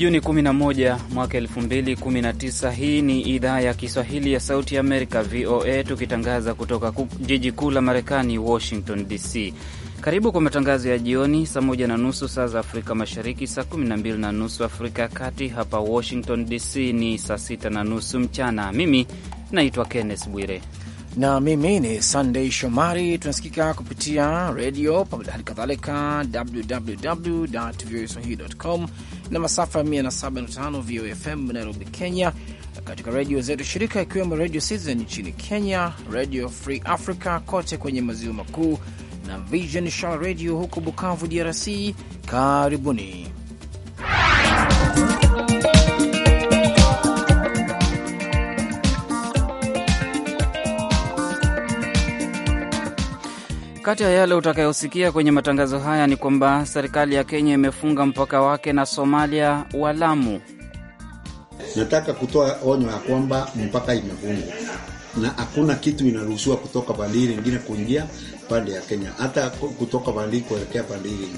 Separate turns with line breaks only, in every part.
Juni 11 mwaka 2019. Hii ni idhaa ya Kiswahili ya Sauti ya Amerika, VOA, tukitangaza kutoka jiji kuu la Marekani, Washington DC. Karibu kwa matangazo ya jioni, saa moja na nusu saa za Afrika Mashariki, saa kumi na mbili na nusu Afrika ya Kati. Hapa Washington DC ni saa sita na nusu mchana. Mimi naitwa Kenneth Bwire
na mimi ni Sunday Shomari. Tunasikika kupitia redio pamoja, hali kadhalika www voa swahili.com na masafa ya 107.5 VOFM Nairobi, Kenya, katika redio zetu shirika, ikiwemo Radio Citizen nchini Kenya, Radio Free Africa kote kwenye maziwa makuu na Vision Shala Radio huko Bukavu, DRC. Karibuni.
Kati ya yale utakayosikia kwenye matangazo haya ni kwamba serikali ya Kenya imefunga mpaka wake na Somalia wa Lamu.
Nataka kutoa onyo ya kwamba mpaka imefungwa na hakuna kitu inaruhusiwa kutoka pande hili kuingia pande ya Kenya, hata kutoka pande kuelekea pande hili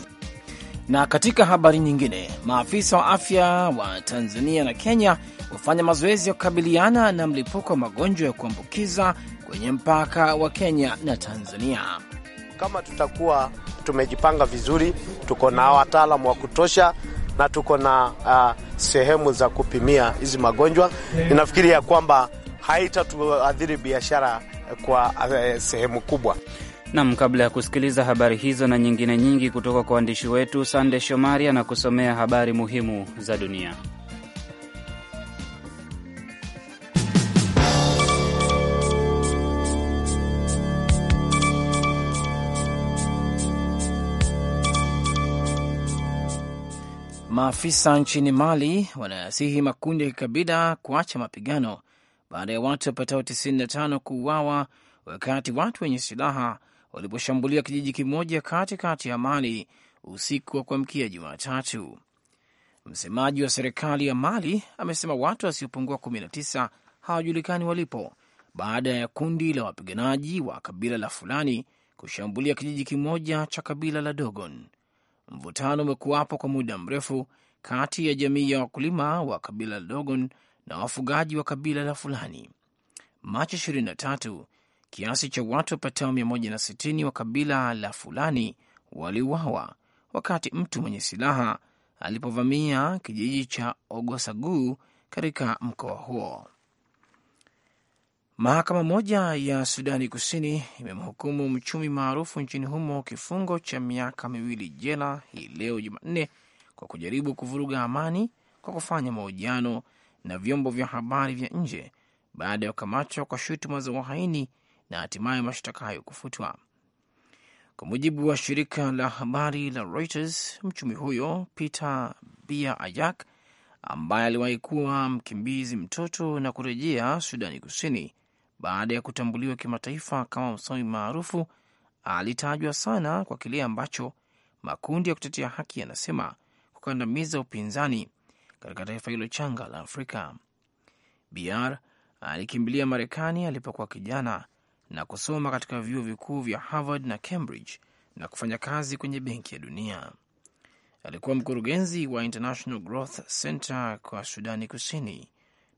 Na katika habari nyingine,
maafisa wa afya wa Tanzania na Kenya hufanya mazoezi ya kukabiliana na mlipuko wa magonjwa ya kuambukiza kwenye mpaka wa Kenya na Tanzania.
Kama tutakuwa tumejipanga vizuri, tuko na wataalamu wa kutosha na tuko na uh, sehemu za kupimia hizi magonjwa, ninafikiri ya kwamba haitatuadhiri biashara kwa uh,
sehemu kubwa. Nam, kabla ya kusikiliza habari hizo na nyingine nyingi kutoka kwa waandishi wetu, Sande Shomari anakusomea habari muhimu za dunia.
Maafisa nchini Mali wanayasihi makundi ya kikabila kuacha mapigano baada ya watu wapatao 95 kuuawa wakati watu wenye silaha waliposhambulia kijiji kimoja katikati kati ya Mali usiku wa kuamkia Jumatatu. Msemaji wa serikali ya Mali amesema watu wasiopungua 19 hawajulikani walipo baada ya kundi la wapiganaji wa kabila la Fulani kushambulia kijiji kimoja cha kabila la Dogon. Mvutano umekuwapo kwa muda mrefu kati ya jamii ya wakulima wa kabila la Dogon na wafugaji wa kabila la Fulani. Machi 23 kiasi cha watu wapatao 160 wa kabila la Fulani waliuawa wakati mtu mwenye silaha alipovamia kijiji cha Ogosaguu katika mkoa huo. Mahakama moja ya Sudani Kusini imemhukumu mchumi maarufu nchini humo kifungo cha miaka miwili jela hii leo Jumanne kwa kujaribu kuvuruga amani kwa kufanya mahojiano na vyombo vya habari vya nje baada ya kukamatwa kwa shutuma za uhaini na hatimaye mashtaka hayo kufutwa. Kwa mujibu wa shirika la habari la Reuters, mchumi huyo Peter Bia Ayak ambaye aliwahi kuwa mkimbizi mtoto na kurejea Sudani Kusini baada ya kutambuliwa kimataifa kama msomi maarufu, alitajwa sana kwa kile ambacho makundi ya kutetea haki yanasema kukandamiza upinzani katika taifa hilo changa la Afrika. BR alikimbilia Marekani alipokuwa kijana na kusoma katika vyuo vikuu vya Harvard na Cambridge na kufanya kazi kwenye Benki ya Dunia. Alikuwa mkurugenzi wa International Growth Center kwa Sudani Kusini,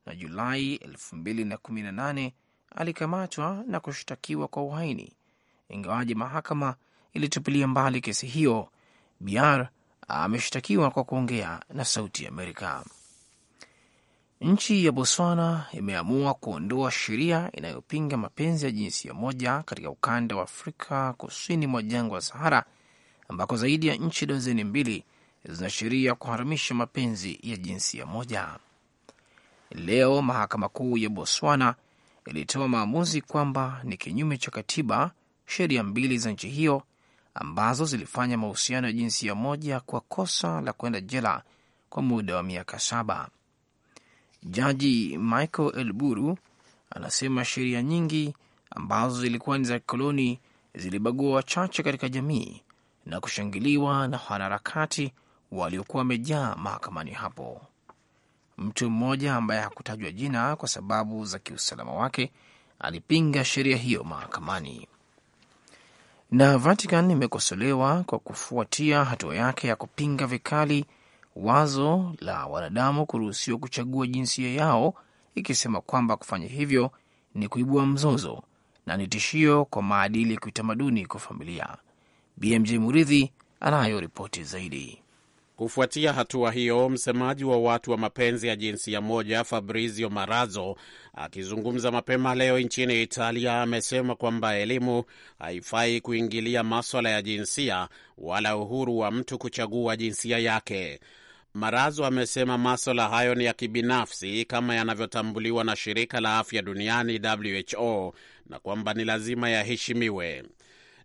na Julai 2018 alikamatwa na kushtakiwa kwa uhaini, ingawaji mahakama ilitupilia mbali kesi hiyo. Biar ameshtakiwa kwa kuongea na Sauti ya Amerika. Nchi ya Botswana imeamua kuondoa sheria inayopinga mapenzi ya jinsia moja katika ukanda wa Afrika kusini mwa jangwa la Sahara, ambako zaidi ya nchi dozeni mbili zina sheria kuharamisha mapenzi ya jinsia moja. Leo mahakama kuu ya Botswana ilitoa maamuzi kwamba ni kinyume cha katiba, sheria mbili za nchi hiyo ambazo zilifanya mahusiano ya jinsia moja kwa kosa la kwenda jela kwa muda wa miaka saba. Jaji Michael Elburu anasema sheria nyingi ambazo zilikuwa ni za kikoloni zilibagua wachache katika jamii na kushangiliwa na wanaharakati waliokuwa wamejaa mahakamani hapo. Mtu mmoja ambaye hakutajwa jina kwa sababu za kiusalama wake alipinga sheria hiyo mahakamani. Na Vatican imekosolewa kwa kufuatia hatua yake ya kupinga vikali wazo la wanadamu kuruhusiwa kuchagua jinsia yao, ikisema kwamba kufanya hivyo ni kuibua mzozo na ni tishio kwa maadili ya kiutamaduni kwa familia. BMJ Muridhi anayo ripoti zaidi.
Kufuatia hatua hiyo, msemaji wa watu wa mapenzi ya jinsia moja Fabrizio Marazo akizungumza mapema leo nchini Italia amesema kwamba elimu haifai kuingilia maswala ya jinsia wala uhuru wa mtu kuchagua jinsia yake. Marazo amesema maswala hayo ni ya kibinafsi kama yanavyotambuliwa na shirika la afya duniani WHO na kwamba ni lazima yaheshimiwe.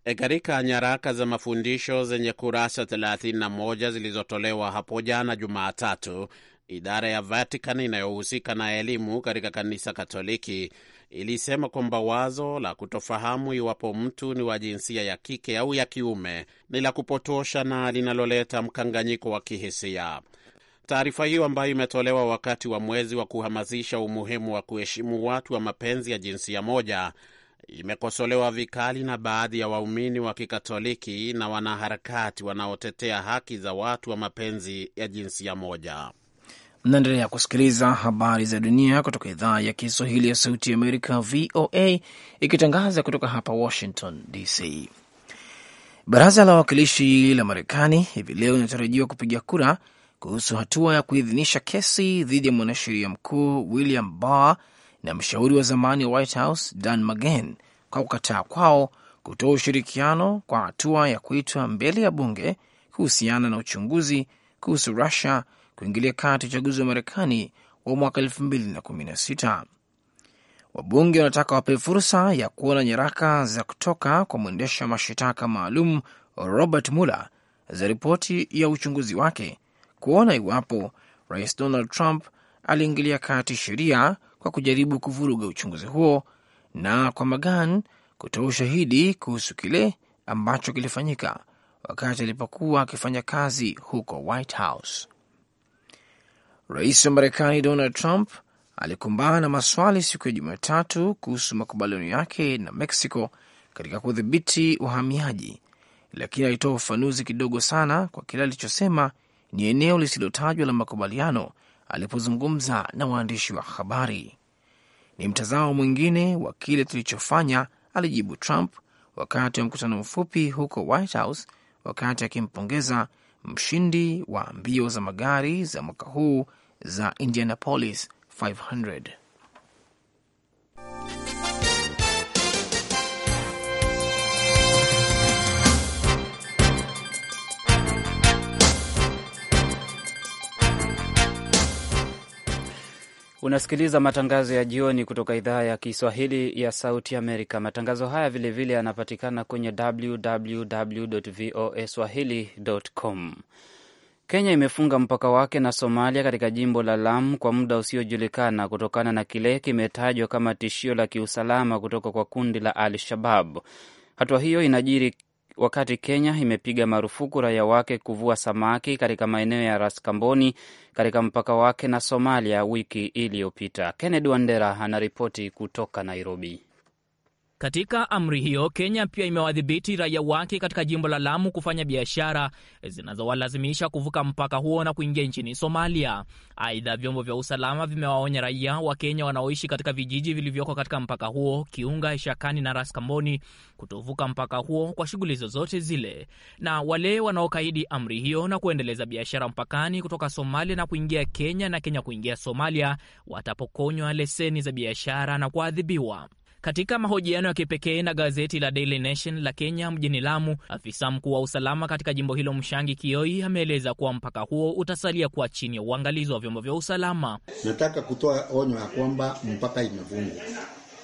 E, katika nyaraka za mafundisho zenye kurasa 31 zilizotolewa hapo jana Jumatatu, idara ya Vatican inayohusika na elimu katika kanisa Katoliki ilisema kwamba wazo la kutofahamu iwapo mtu ni wa jinsia ya kike au ya kiume ni la kupotosha na linaloleta mkanganyiko wa kihisia. Taarifa hiyo ambayo imetolewa wakati wa mwezi wa kuhamasisha umuhimu wa kuheshimu watu wa mapenzi ya jinsia moja imekosolewa vikali na baadhi ya waumini wa Kikatoliki na wanaharakati wanaotetea haki za watu wa mapenzi ya jinsia moja.
Mnaendelea kusikiliza habari za dunia kutoka idhaa ya Kiswahili ya Sauti ya Amerika, VOA, ikitangaza kutoka hapa Washington DC. Baraza la Wawakilishi la Marekani hivi leo inatarajiwa kupiga kura kuhusu hatua ya kuidhinisha kesi dhidi ya mwanasheria mkuu William Barr na mshauri wa zamani wa White House Dan McGahn kwa kukataa kwao kutoa ushirikiano kwa hatua ya kuitwa mbele ya bunge kuhusiana na uchunguzi kuhusu Rusia kuingilia kati uchaguzi wa Marekani wa mwaka sita. Wabunge wanataka wapewe fursa ya kuona nyaraka za kutoka kwa mwendesha mashitaka maalum Robert Mueller za ripoti ya uchunguzi wake kuona iwapo Rais Donald Trump aliingilia kati sheria kwa kujaribu kuvuruga uchunguzi huo na kwa Magan kutoa ushahidi kuhusu kile ambacho kilifanyika wakati alipokuwa akifanya kazi huko White House. Rais wa Marekani Donald Trump alikumbana na maswali siku ya Jumatatu kuhusu makubaliano yake na Mexico katika kudhibiti uhamiaji lakini alitoa ufafanuzi kidogo sana kwa kile alichosema ni eneo lisilotajwa la makubaliano alipozungumza na waandishi wa habari. Ni mtazamo mwingine wa kile tulichofanya, alijibu Trump wakati wa mkutano mfupi huko White House, wakati akimpongeza mshindi wa mbio za magari za mwaka huu za Indianapolis 500.
Unasikiliza matangazo ya jioni kutoka idhaa ya Kiswahili ya Sauti Amerika. Matangazo haya vilevile yanapatikana kwenye www voa swahili.com. Kenya imefunga mpaka wake na Somalia katika jimbo la Lamu kwa muda usiojulikana kutokana na kile kimetajwa kama tishio la kiusalama kutoka kwa kundi la Al Shabab. Hatua hiyo inajiri wakati Kenya imepiga marufuku raia wake kuvua samaki katika maeneo ya Ras Kamboni katika mpaka wake na Somalia wiki iliyopita. Kennedy Wandera anaripoti kutoka Nairobi.
Katika amri hiyo, Kenya pia imewadhibiti raia wake katika jimbo la Lamu kufanya biashara zinazowalazimisha kuvuka mpaka huo na kuingia nchini Somalia. Aidha, vyombo vya usalama vimewaonya raia wa Kenya wanaoishi katika vijiji vilivyoko katika mpaka huo, Kiunga, Shakani na Raskamboni, kutovuka mpaka huo kwa shughuli zozote zile, na wale wanaokaidi amri hiyo na kuendeleza biashara mpakani kutoka Somalia na kuingia Kenya na Kenya kuingia Somalia watapokonywa leseni za biashara na kuadhibiwa. Katika mahojiano ya kipekee na gazeti la Daily Nation la Kenya mjini Lamu, afisa mkuu wa usalama katika jimbo hilo Mshangi Kioi ameeleza kuwa mpaka huo utasalia kuwa chini ya uangalizi wa vyombo vya usalama.
Nataka kutoa onyo ya kwamba mpaka imefungwa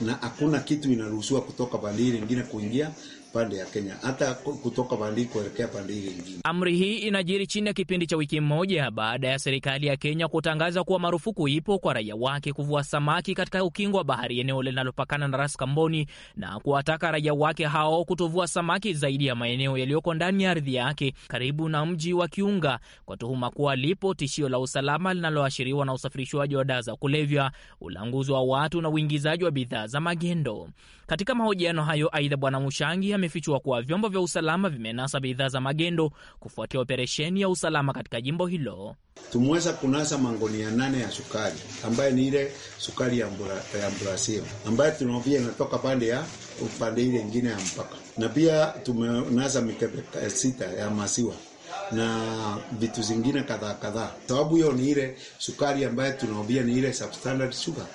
na hakuna kitu inaruhusiwa kutoka bandari nyingine kuingia pande ya Kenya, hata kutoka pande hii kuelekea pande ile nyingine.
Amri hii inajiri chini ya kipindi cha wiki moja baada ya serikali ya Kenya kutangaza kuwa marufuku ipo kwa raia wake kuvua samaki katika ukingo wa bahari, eneo linalopakana na Ras Kamboni, na kuwataka raia wake hao kutovua samaki zaidi ya maeneo yaliyoko ndani ya ardhi yake karibu na mji wa Kiunga, kwa tuhuma kuwa lipo tishio la usalama linaloashiriwa na usafirishwaji wa dawa za kulevya, ulanguzi wa watu na uingizaji wa bidhaa za magendo. Katika mahojiano hayo, aidha, Bwana Mushangi amefichua kuwa vyombo vya usalama vimenasa bidhaa za magendo kufuatia operesheni ya usalama katika jimbo hilo.
Tumeweza kunasa ya nane ya sukari ambayo ni ile sukari ya Brazil ambayo tunavia inatoka pande ya upande ile ingine ya mpaka, na pia tumenasa mikebe eh, sita ya maziwa na vitu zingine kadhaa kadhaa. Sababu hiyo ni ile sukari ambayo tunaovia ni ile substandard sugar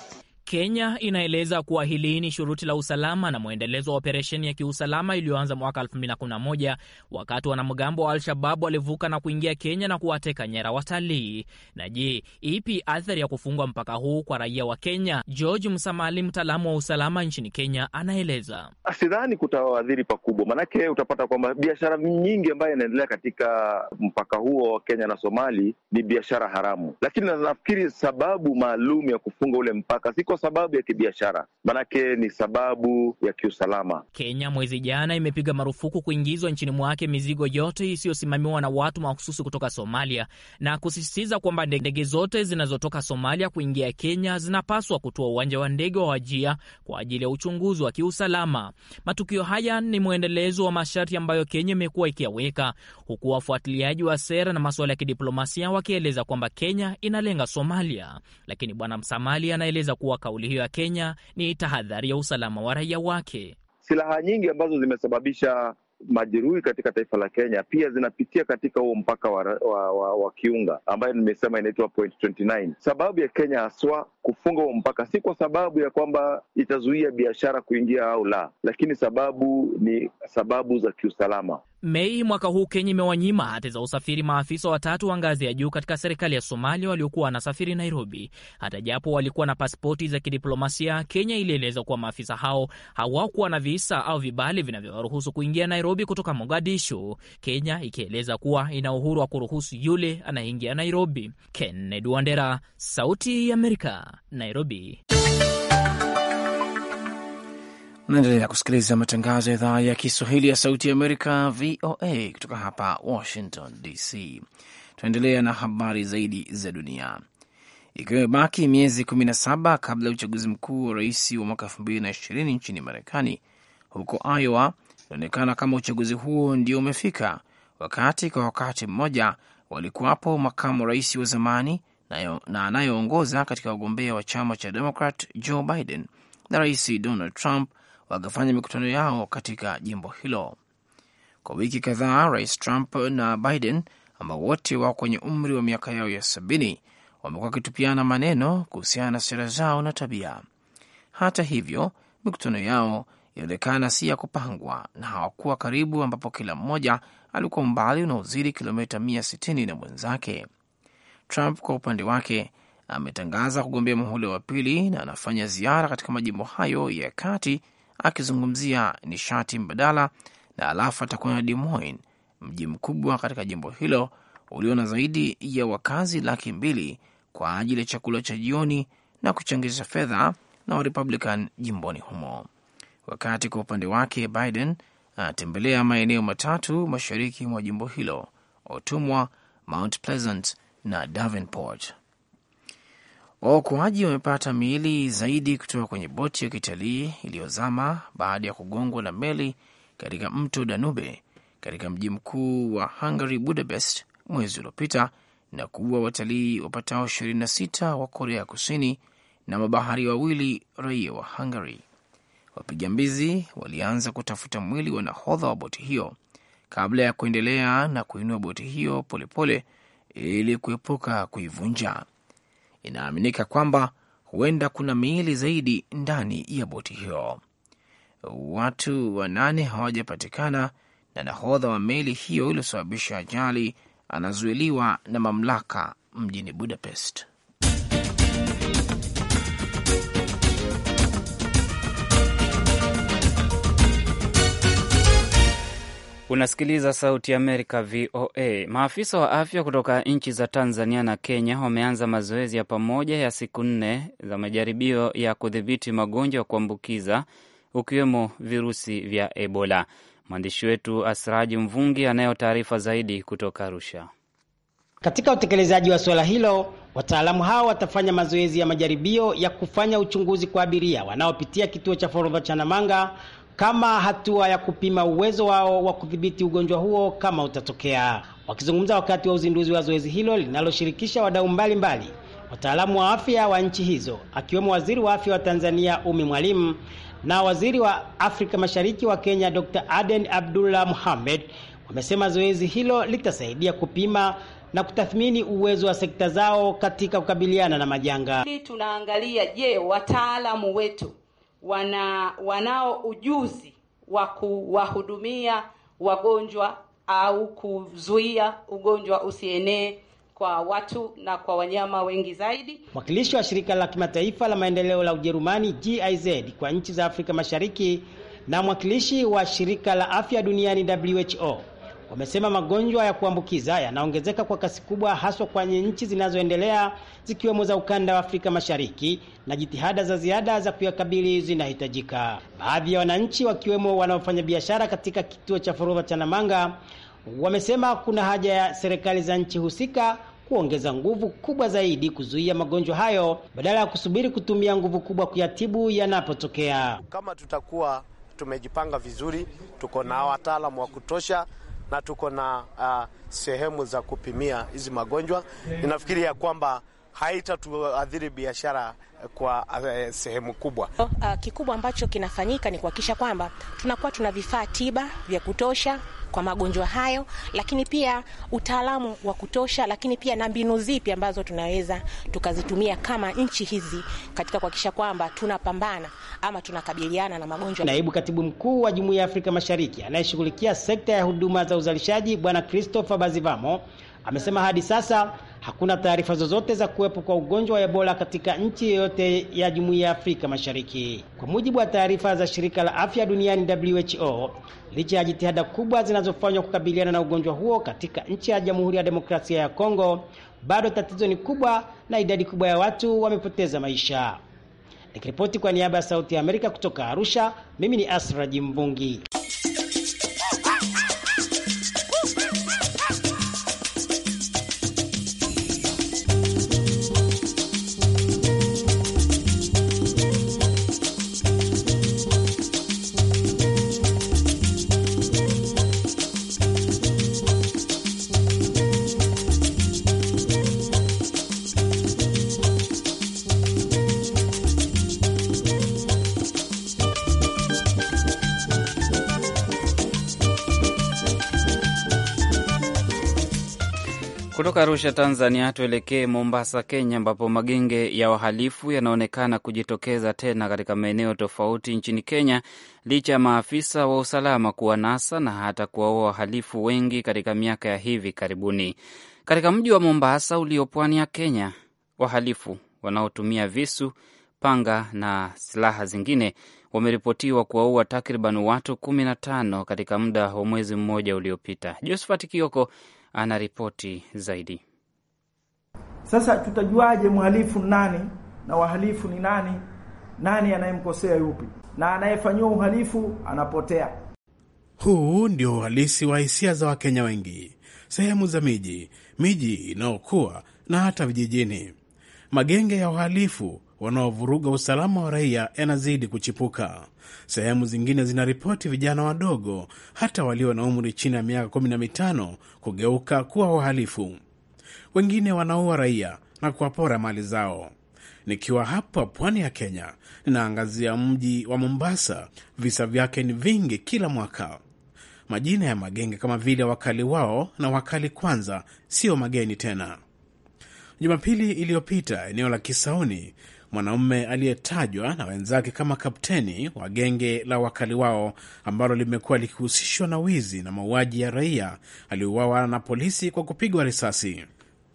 Kenya inaeleza kuwa hili ni shuruti la usalama na mwendelezo wa operesheni ya kiusalama iliyoanza mwaka 2011 wakati wanamgambo wa Al-Shababu walivuka na kuingia Kenya na kuwateka nyara watalii. Na je, ipi athari ya kufungwa mpaka huu kwa raia wa Kenya? George Msamali, mtaalamu wa usalama nchini Kenya, anaeleza. Sidhani kutawaadhiri pakubwa, maanake utapata kwamba biashara nyingi ambayo inaendelea katika mpaka huo wa Kenya na Somali ni biashara haramu, lakini nafikiri sababu maalum ya kufunga ule
mpaka siko sababu ya kibiashara, manake ni sababu ya kiusalama.
Kenya mwezi jana imepiga marufuku kuingizwa nchini mwake mizigo yote isiyosimamiwa na watu mahususi kutoka Somalia na kusisitiza kwamba ndege zote zinazotoka Somalia kuingia Kenya zinapaswa kutoa uwanja wa ndege wa Wajia kwa ajili ya uchunguzi wa kiusalama. Matukio haya ni mwendelezo wa masharti ambayo Kenya imekuwa ikiyaweka, huku wafuatiliaji wa sera na masuala ya kidiplomasia wakieleza kwamba Kenya inalenga Somalia, lakini Bwana Msamali anaeleza kuwa Kauli hiyo ya Kenya ni tahadhari ya usalama wa raia wake. Silaha nyingi ambazo zimesababisha majeruhi katika taifa la Kenya pia zinapitia katika huo mpaka wa, wa, wa, wa Kiunga ambayo nimesema inaitwa point 29. Sababu ya Kenya haswa kufunga huo mpaka, si kwa sababu ya kwamba itazuia biashara kuingia au la, lakini sababu ni sababu za kiusalama. Mei mwaka huu Kenya imewanyima hati za usafiri maafisa watatu wa ngazi ya juu katika serikali ya Somalia waliokuwa wanasafiri Nairobi. Hata japo walikuwa na pasipoti za kidiplomasia, Kenya ilieleza kuwa maafisa hao hawakuwa na visa au vibali vinavyowaruhusu kuingia Nairobi kutoka Mogadishu, Kenya ikieleza kuwa ina uhuru wa kuruhusu yule anayeingia Nairobi. Kennedy Wandera, Sauti ya Amerika. Nairobi.
Naendelea kusikiliza matangazo ya idhaa ya Kiswahili ya Sauti ya Amerika, VOA, kutoka hapa Washington DC. Tunaendelea na habari zaidi za dunia. Ikiwa imebaki miezi 17 kabla ya uchaguzi mkuu wa rais wa mwaka 2020 nchini Marekani, huko Iowa inaonekana kama uchaguzi huo ndio umefika, wakati kwa wakati mmoja walikuwapo makamu rais wa zamani na anayeongoza katika wagombea wa chama cha Demokrat Joe Biden na Rais Donald Trump wakifanya mikutano yao katika jimbo hilo kwa wiki kadhaa. Rais Trump na Biden ambao wote wako kwenye umri wa miaka yao ya sabini wamekuwa wakitupiana maneno kuhusiana na sera zao na tabia. Hata hivyo, mikutano yao ilionekana si ya kupangwa na hawakuwa karibu, ambapo kila mmoja alikuwa umbali unaozidi kilomita mia sitini na mwenzake. Trump kwa upande wake ametangaza kugombea muhula wa pili na anafanya ziara katika majimbo hayo ya kati akizungumzia nishati mbadala, na alafu atakwenda Des Moines, mji mkubwa katika jimbo hilo ulio na zaidi ya wakazi laki mbili kwa ajili ya chakula cha jioni na kuchangisha fedha na Warepublican jimboni humo. Wakati kwa upande wake Biden anatembelea maeneo matatu mashariki mwa jimbo hilo: Otumwa, Mount Pleasant na Davenport. Waokoaji wamepata miili zaidi kutoka kwenye boti ya kitalii iliyozama baada ya kugongwa na meli katika mto Danube katika mji mkuu wa Hungary, Budapest, mwezi uliopita na kuua watalii wapatao 26 wa Korea ya Kusini na mabahari wawili raia wa Hungary. Wapiga mbizi walianza kutafuta mwili wa nahodha wa boti hiyo kabla ya kuendelea na kuinua boti hiyo polepole pole ili kuepuka kuivunja. Inaaminika kwamba huenda kuna miili zaidi ndani ya boti hiyo. Watu wanane hawajapatikana na nahodha wa meli hiyo iliyosababisha ajali anazuiliwa na mamlaka mjini Budapest.
Unasikiliza Sauti ya Amerika, VOA. Maafisa wa afya kutoka nchi za Tanzania na Kenya wameanza mazoezi ya pamoja ya siku nne za majaribio ya kudhibiti magonjwa ya kuambukiza ukiwemo virusi vya Ebola. Mwandishi wetu Asraji Mvungi anayo taarifa zaidi kutoka Arusha.
Katika utekelezaji wa suala hilo, wataalamu hao watafanya mazoezi ya majaribio ya kufanya uchunguzi kwa abiria wanaopitia kituo cha forodha cha Namanga kama hatua ya kupima uwezo wao wa kudhibiti ugonjwa huo kama utatokea. Wakizungumza wakati wa uzinduzi wa zoezi hilo linaloshirikisha wadau mbalimbali, wataalamu wa afya wa nchi hizo, akiwemo waziri wa afya wa Tanzania Umi Mwalimu na waziri wa Afrika Mashariki wa Kenya Dr. Aden Abdullah muhamed wamesema zoezi hilo litasaidia kupima na kutathmini uwezo wa sekta zao katika kukabiliana na majanga.
Tunaangalia je, wataalamu wetu wana wanao ujuzi wa kuwahudumia wagonjwa au kuzuia ugonjwa usienee kwa watu na kwa wanyama wengi zaidi.
Mwakilishi wa shirika la kimataifa la maendeleo la Ujerumani GIZ kwa nchi za Afrika Mashariki na mwakilishi wa shirika la afya duniani WHO Wamesema magonjwa ya kuambukiza yanaongezeka kwa kasi kubwa, haswa kwenye nchi zinazoendelea zikiwemo za ukanda wa Afrika Mashariki, na jitihada za ziada za kuyakabili zinahitajika. Baadhi ya wananchi wakiwemo wanaofanya biashara katika kituo cha forodha cha Namanga wamesema kuna haja ya serikali za nchi husika kuongeza nguvu kubwa zaidi kuzuia magonjwa hayo badala ya kusubiri kutumia nguvu kubwa kuyatibu yanapotokea.
Kama tutakuwa tumejipanga vizuri, tuko na wataalamu wa kutosha na tuko na uh, sehemu za kupimia hizi magonjwa. Ninafikiri ya kwamba haitatuadhiri biashara kwa eh, sehemu kubwa. Uh,
kikubwa ambacho kinafanyika ni kuhakikisha kwamba tunakuwa tuna vifaa tiba vya kutosha kwa magonjwa hayo, lakini pia utaalamu wa kutosha, lakini pia na mbinu zipi ambazo tunaweza tukazitumia kama nchi hizi katika kuhakikisha kwamba tunapambana ama tunakabiliana na magonjwa. Naibu Katibu Mkuu wa Jumuiya ya Afrika Mashariki anayeshughulikia sekta ya huduma za uzalishaji Bwana Christopher Bazivamo Amesema hadi sasa hakuna taarifa zozote za kuwepo kwa ugonjwa wa Ebola katika nchi yoyote ya Jumuiya ya Afrika Mashariki. Kwa mujibu wa taarifa za Shirika la Afya Duniani WHO, licha ya jitihada kubwa zinazofanywa kukabiliana na ugonjwa huo katika nchi ya Jamhuri ya Demokrasia ya Kongo, bado tatizo ni kubwa na idadi kubwa ya watu wamepoteza maisha. Nikiripoti kwa niaba ya Sauti ya Amerika kutoka Arusha, mimi ni Asra Jimbungi.
Kutoka Arusha, Tanzania, tuelekee Mombasa, Kenya, ambapo magenge ya wahalifu yanaonekana kujitokeza tena katika maeneo tofauti nchini Kenya, licha ya maafisa wa usalama kuwanasa na hata kuwaua wahalifu wengi katika miaka ya hivi karibuni. Katika mji wa Mombasa ulio pwani ya Kenya, wahalifu wanaotumia visu, panga na silaha zingine wameripotiwa kuwaua takriban watu kumi na tano katika muda wa mwezi mmoja uliopita. Josephat Kioko anaripoti zaidi.
Sasa tutajuaje mhalifu nani na wahalifu ni nani? Nani anayemkosea yupi na anayefanyiwa uhalifu anapotea? Huu ndio uhalisi wa hisia za Wakenya wengi, sehemu za miji, miji inayokuwa na hata vijijini. Magenge ya uhalifu wanaovuruga usalama wa raia yanazidi kuchipuka. Sehemu zingine zinaripoti vijana wadogo, hata walio na umri chini ya miaka 15 kugeuka kuwa wahalifu. Wengine wanaua raia na kuwapora mali zao. Nikiwa hapa pwani ya Kenya, ninaangazia mji wa Mombasa. Visa vyake ni vingi kila mwaka. Majina ya magenge kama vile wakali wao na wakali kwanza siyo mageni tena. Jumapili iliyopita eneo la Kisauni mwanaume aliyetajwa na wenzake kama kapteni wa genge la wakali wao ambalo limekuwa likihusishwa na wizi na mauaji ya raia aliuawa na polisi kwa kupigwa risasi.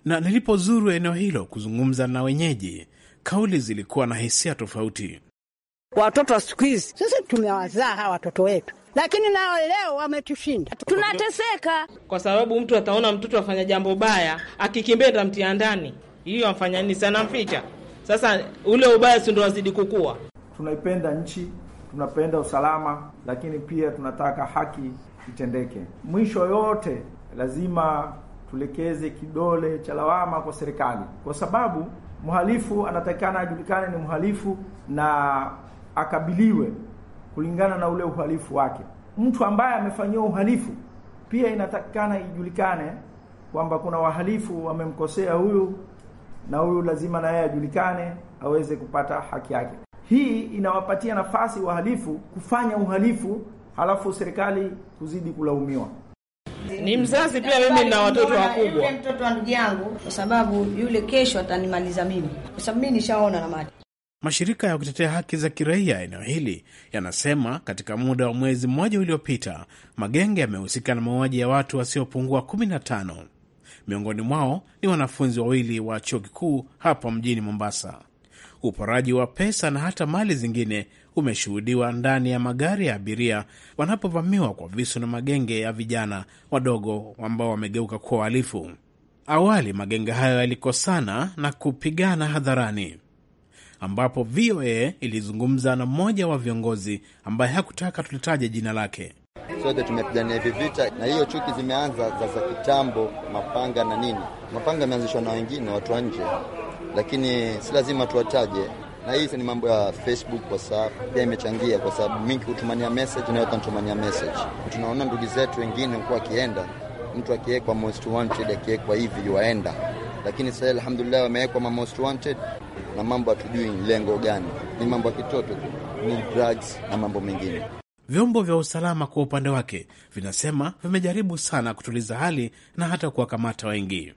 Na nilipozuru eneo hilo kuzungumza na wenyeji, kauli zilikuwa na hisia
tofauti. Watoto wa siku hizi sisi tumewazaa hawa watoto wetu, lakini nao leo wametushinda, tunateseka kwa sababu mtu ataona mtoto afanya jambo baya, akikimbia tamtia ndani, hiyo amfanya nini? mficha sasa ule ubaya si ndo unazidi kukua.
Tunaipenda nchi, tunapenda usalama, lakini pia tunataka
haki itendeke. Mwisho yote lazima tulekeze kidole cha lawama kwa serikali, kwa sababu mhalifu anatakikana ajulikane ni mhalifu na akabiliwe kulingana na ule uhalifu wake. Mtu
ambaye amefanyiwa uhalifu pia inatakikana ijulikane kwamba kuna wahalifu wamemkosea huyu na huyu lazima na yeye ajulikane aweze kupata haki yake. Hii inawapatia nafasi wahalifu kufanya uhalifu, halafu serikali
kuzidi kulaumiwa.
Ni mzazi pia mimi na watoto wakubwa. Yule
mtoto wa ndugu yangu, kwa sababu yule kesho atanimaliza mimi, kwa sababu mimi nishaona na macho.
Mashirika ya kutetea haki za kiraia eneo hili yanasema katika muda wa mwezi mmoja uliopita magenge yamehusika na mauaji ya watu wasiopungua 15 miongoni mwao ni wanafunzi wawili wa chuo kikuu hapa mjini Mombasa. Uporaji wa pesa na hata mali zingine umeshuhudiwa ndani ya magari ya abiria wanapovamiwa kwa visu na magenge ya vijana wadogo ambao wamegeuka kuwa wahalifu. Awali magenge hayo yalikosana na kupigana hadharani, ambapo VOA ilizungumza na mmoja wa viongozi ambaye hakutaka tulitaje jina lake.
Sote tumepigania hivi vita, na hiyo chuki zimeanza za kitambo, mapanga na nini. Mapanga yameanzishwa na wengine, watu wa nje, lakini si lazima tuwataje. Na hii ni mambo ya Facebook, WhatsApp pia imechangia, kwa sababu mingi kutumania message na kanitumania message. Tunaona ndugu zetu wengine kuwa akienda mtu akiwekwa most wanted, akiwekwa hivi yuaenda, lakini sasa alhamdulillah wamewekwa ma most wanted na mambo hatujui lengo gani, ni mambo ya kitoto, ni drugs na mambo mengine.
Vyombo vya usalama kwa upande wake vinasema vimejaribu sana kutuliza hali na hata kuwakamata wengi.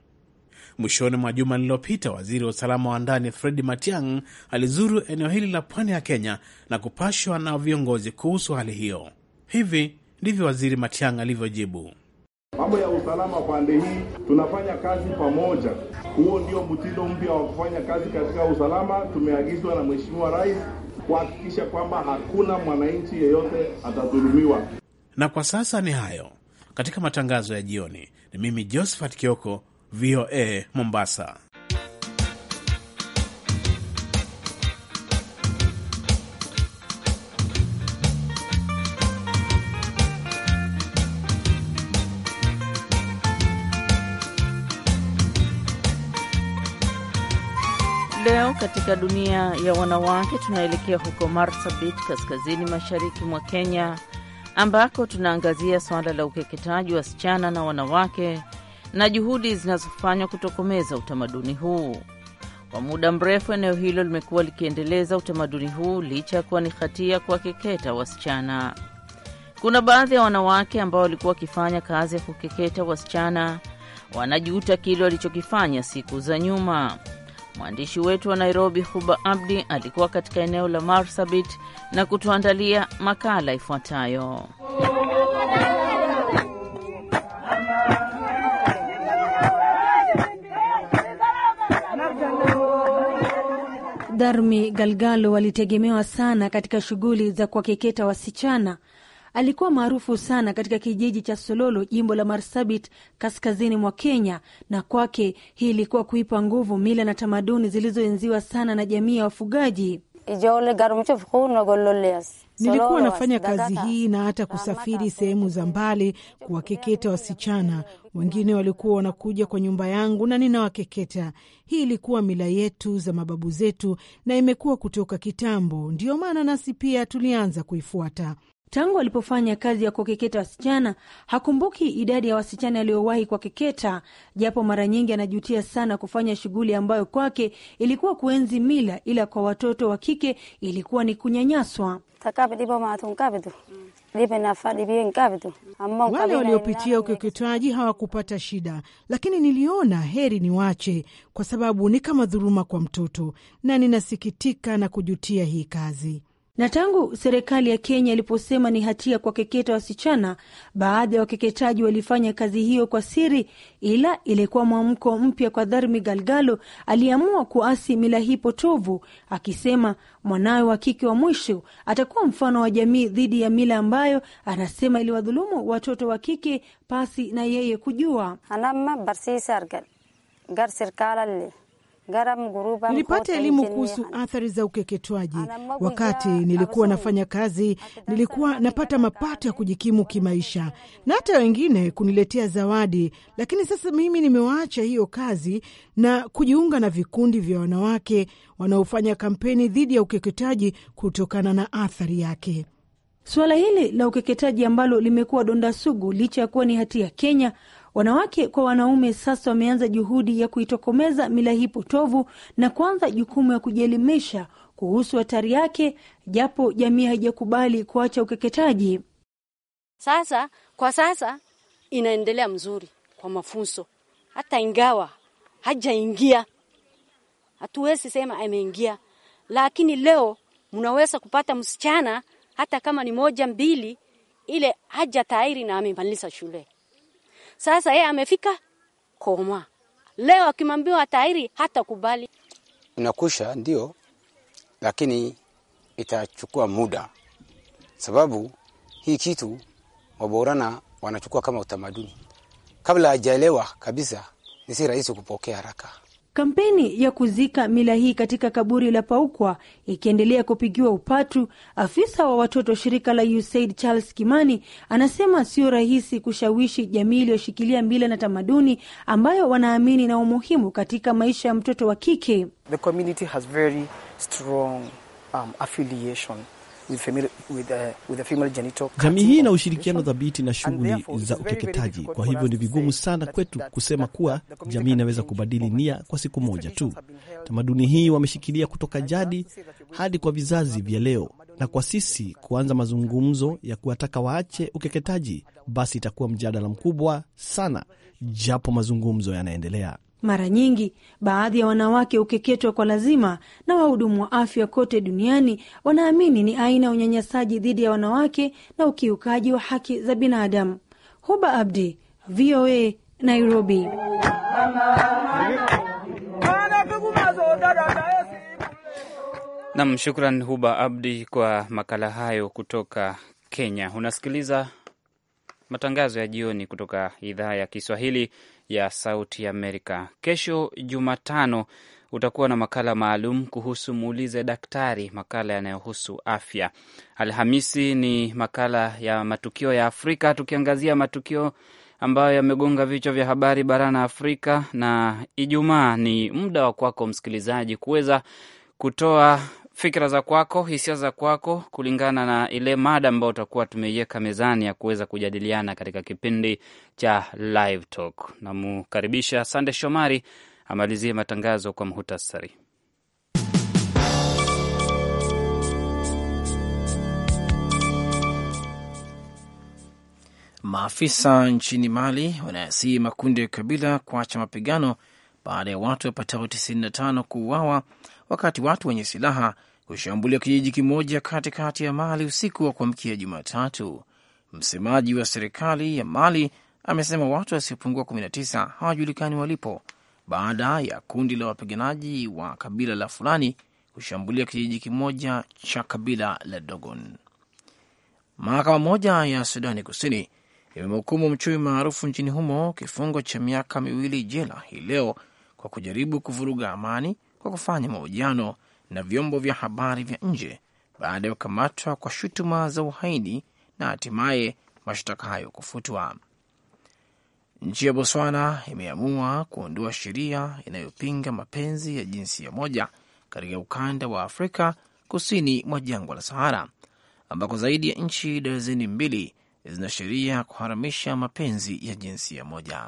Mwishoni mwa juma lililopita, waziri wa usalama wa ndani Fredi matiang alizuru eneo hili la pwani ya Kenya na kupashwa na viongozi kuhusu hali hiyo. Hivi ndivyo waziri Matiang alivyojibu: Mambo ya usalama pande hii tunafanya kazi pamoja. Huo ndio mtindo mpya wa kufanya kazi katika usalama, tumeagizwa na Mheshimiwa Rais kuhakikisha kwamba hakuna mwananchi yeyote atadhulumiwa. Na kwa sasa ni hayo katika matangazo ya jioni. Ni mimi Josephat Kioko, VOA Mombasa.
katika dunia ya wanawake, tunaelekea huko Marsabit, kaskazini mashariki mwa Kenya, ambako tunaangazia suala la ukeketaji wasichana na wanawake na juhudi zinazofanywa kutokomeza utamaduni huu. Kwa muda mrefu, eneo hilo limekuwa likiendeleza utamaduni huu licha ya kuwa ni hatia kuwakeketa wasichana. Kuna baadhi ya wanawake ambao walikuwa wakifanya kazi ya kukeketa wasichana wanajuta kile walichokifanya siku za nyuma. Mwandishi wetu wa Nairobi, Huba Abdi, alikuwa katika eneo la Marsabit na kutuandalia makala ifuatayo. Dharmi Galgalo walitegemewa sana katika shughuli za kuwakeketa wasichana Alikuwa maarufu sana katika kijiji cha Sololo, jimbo la Marsabit, kaskazini mwa Kenya, na kwake hii ilikuwa kuipa nguvu mila na tamaduni zilizoenziwa sana na jamii ya wafugaji. Nilikuwa nafanya kazi hii na hata kusafiri sehemu
za mbali kuwakeketa wasichana. Wengine walikuwa wanakuja kwa nyumba yangu na ninawakeketa. Hii ilikuwa mila yetu za mababu zetu na imekuwa kutoka
kitambo, ndiyo maana nasi pia tulianza kuifuata. Tangu alipofanya kazi ya kukeketa wasichana, hakumbuki idadi ya wasichana aliyowahi kuwakeketa, japo mara nyingi anajutia sana kufanya shughuli ambayo kwake ilikuwa kuenzi mila, ila kwa watoto wa kike ilikuwa ni kunyanyaswa. Mm. Wale waliopitia
ukeketaji hawakupata shida,
lakini niliona heri
niwache, kwa sababu ni kama dhuluma kwa mtoto, na ninasikitika na kujutia hii kazi.
Na tangu serikali ya Kenya iliposema ni hatia kuwakeketa wasichana, baadhi ya wakeketaji walifanya kazi hiyo kwa siri, ila ilikuwa mwamko mpya kwa Dharmi Galgalo aliyeamua kuasi mila hii potovu, akisema mwanawe wa kike wa mwisho atakuwa mfano wa jamii dhidi ya mila ambayo anasema iliwadhulumu watoto wa kike pasi na yeye kujua. Nilipata elimu kuhusu
athari za ukeketwaji. Wakati nilikuwa nafanya kazi, nilikuwa napata mapato ya kujikimu kimaisha na hata wengine kuniletea zawadi, lakini sasa mimi nimewaacha hiyo kazi na kujiunga na vikundi vya wanawake wanaofanya kampeni dhidi ya ukeketaji
kutokana na athari yake. Suala hili la ukeketaji ambalo limekuwa donda sugu licha ya kuwa ni hatia Kenya, Wanawake kwa wanaume sasa wameanza juhudi ya kuitokomeza mila hii potovu na kuanza jukumu ya kujielimisha kuhusu hatari yake, japo jamii haijakubali kuacha ukeketaji. Sasa kwa sasa inaendelea mzuri kwa mafunzo, hata ingawa hajaingia, hatuwezi sema ameingia, lakini leo mnaweza kupata msichana hata kama ni moja mbili, ile haja tairi na amemaliza shule sasa yeye amefika koma leo, akimwambiwa tairi hata kubali
unakusha ndio, lakini
itachukua muda, sababu hii kitu Waborana wanachukua kama utamaduni. Kabla hajaelewa kabisa, ni si rahisi kupokea
haraka.
Kampeni ya kuzika mila hii katika kaburi la Paukwa ikiendelea kupigiwa upatu, afisa wa watoto shirika la USAID Charles Kimani anasema sio rahisi kushawishi jamii iliyoshikilia mila na tamaduni ambayo wanaamini na umuhimu katika maisha ya mtoto wa kike.
The community has very strong, um, affiliation with uh, female genital. Jamii
hii ina ushirikiano dhabiti na shughuli za ukeketaji, kwa hivyo ni vigumu sana kwetu kusema kuwa jamii inaweza kubadili nia kwa siku moja tu. Tamaduni hii wameshikilia kutoka jadi hadi kwa vizazi vya leo, na kwa sisi kuanza mazungumzo ya kuwataka waache ukeketaji, basi itakuwa mjadala mkubwa sana, japo mazungumzo yanaendelea.
Mara nyingi baadhi ya wanawake hukeketwa kwa lazima, na wahudumu wa afya kote duniani wanaamini ni aina ya unyanyasaji dhidi ya wanawake na ukiukaji wa haki za binadamu. Huba Abdi, VOA, Nairobi.
Nam, shukran Huba Abdi kwa makala hayo kutoka Kenya. Unasikiliza matangazo ya jioni kutoka idhaa ya Kiswahili ya Sauti Amerika. Kesho Jumatano utakuwa na makala maalum kuhusu muulize daktari, makala yanayohusu afya. Alhamisi ni makala ya matukio ya Afrika, tukiangazia matukio ambayo yamegonga vichwa vya habari barani Afrika, na Ijumaa ni muda wa kwako msikilizaji kuweza kutoa fikira za kwako, hisia za kwako, kulingana na ile mada ambayo utakuwa tumeiweka mezani ya kuweza kujadiliana katika kipindi cha Live Talk. Namkaribisha Sande Shomari amalizie matangazo kwa muhtasari.
Maafisa nchini Mali wanayasii makundi ya kabila kuacha mapigano baada ya watu wapatao 95 kuuawa wakati watu wenye silaha kushambulia kijiji kimoja katikati ya Mali usiku wa kuamkia Jumatatu. Msemaji wa serikali ya Mali amesema watu wasiopungua 19 hawajulikani walipo baada ya kundi la wapiganaji wa kabila la Fulani kushambulia kijiji kimoja cha kabila la Dogon. Mahakama moja ya Sudani Kusini imemhukumu mchumi maarufu nchini humo kifungo cha miaka miwili jela hii leo kwa kujaribu kuvuruga amani kwa kufanya mahojiano na vyombo vya habari vya nje baada ya kukamatwa kwa shutuma za uhaini na hatimaye mashtaka hayo kufutwa. Nchi ya Botswana imeamua kuondoa sheria inayopinga mapenzi ya jinsia moja katika ukanda wa Afrika kusini mwa jangwa la Sahara, ambako zaidi ya nchi dazeni mbili zina sheria kuharamisha mapenzi ya jinsia moja.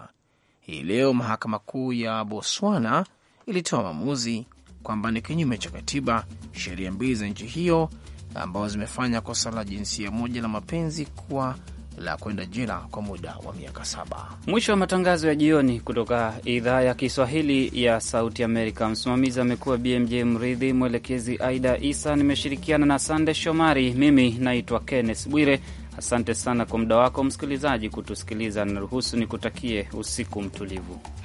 Hii leo mahakama kuu ya Botswana ilitoa maamuzi kwamba ni kinyume cha katiba, sheria mbili za nchi hiyo ambazo zimefanya kosa la jinsia moja la mapenzi kuwa la kwenda jela kwa muda wa miaka saba.
Mwisho wa matangazo ya jioni kutoka idhaa ya Kiswahili ya Sauti Amerika. Msimamizi amekuwa BMJ Mridhi, mwelekezi Aida Isa, nimeshirikiana na Sande Shomari. Mimi naitwa Kenneth Bwire. Asante sana kwa muda wako msikilizaji kutusikiliza. Naruhusu nikutakie usiku mtulivu.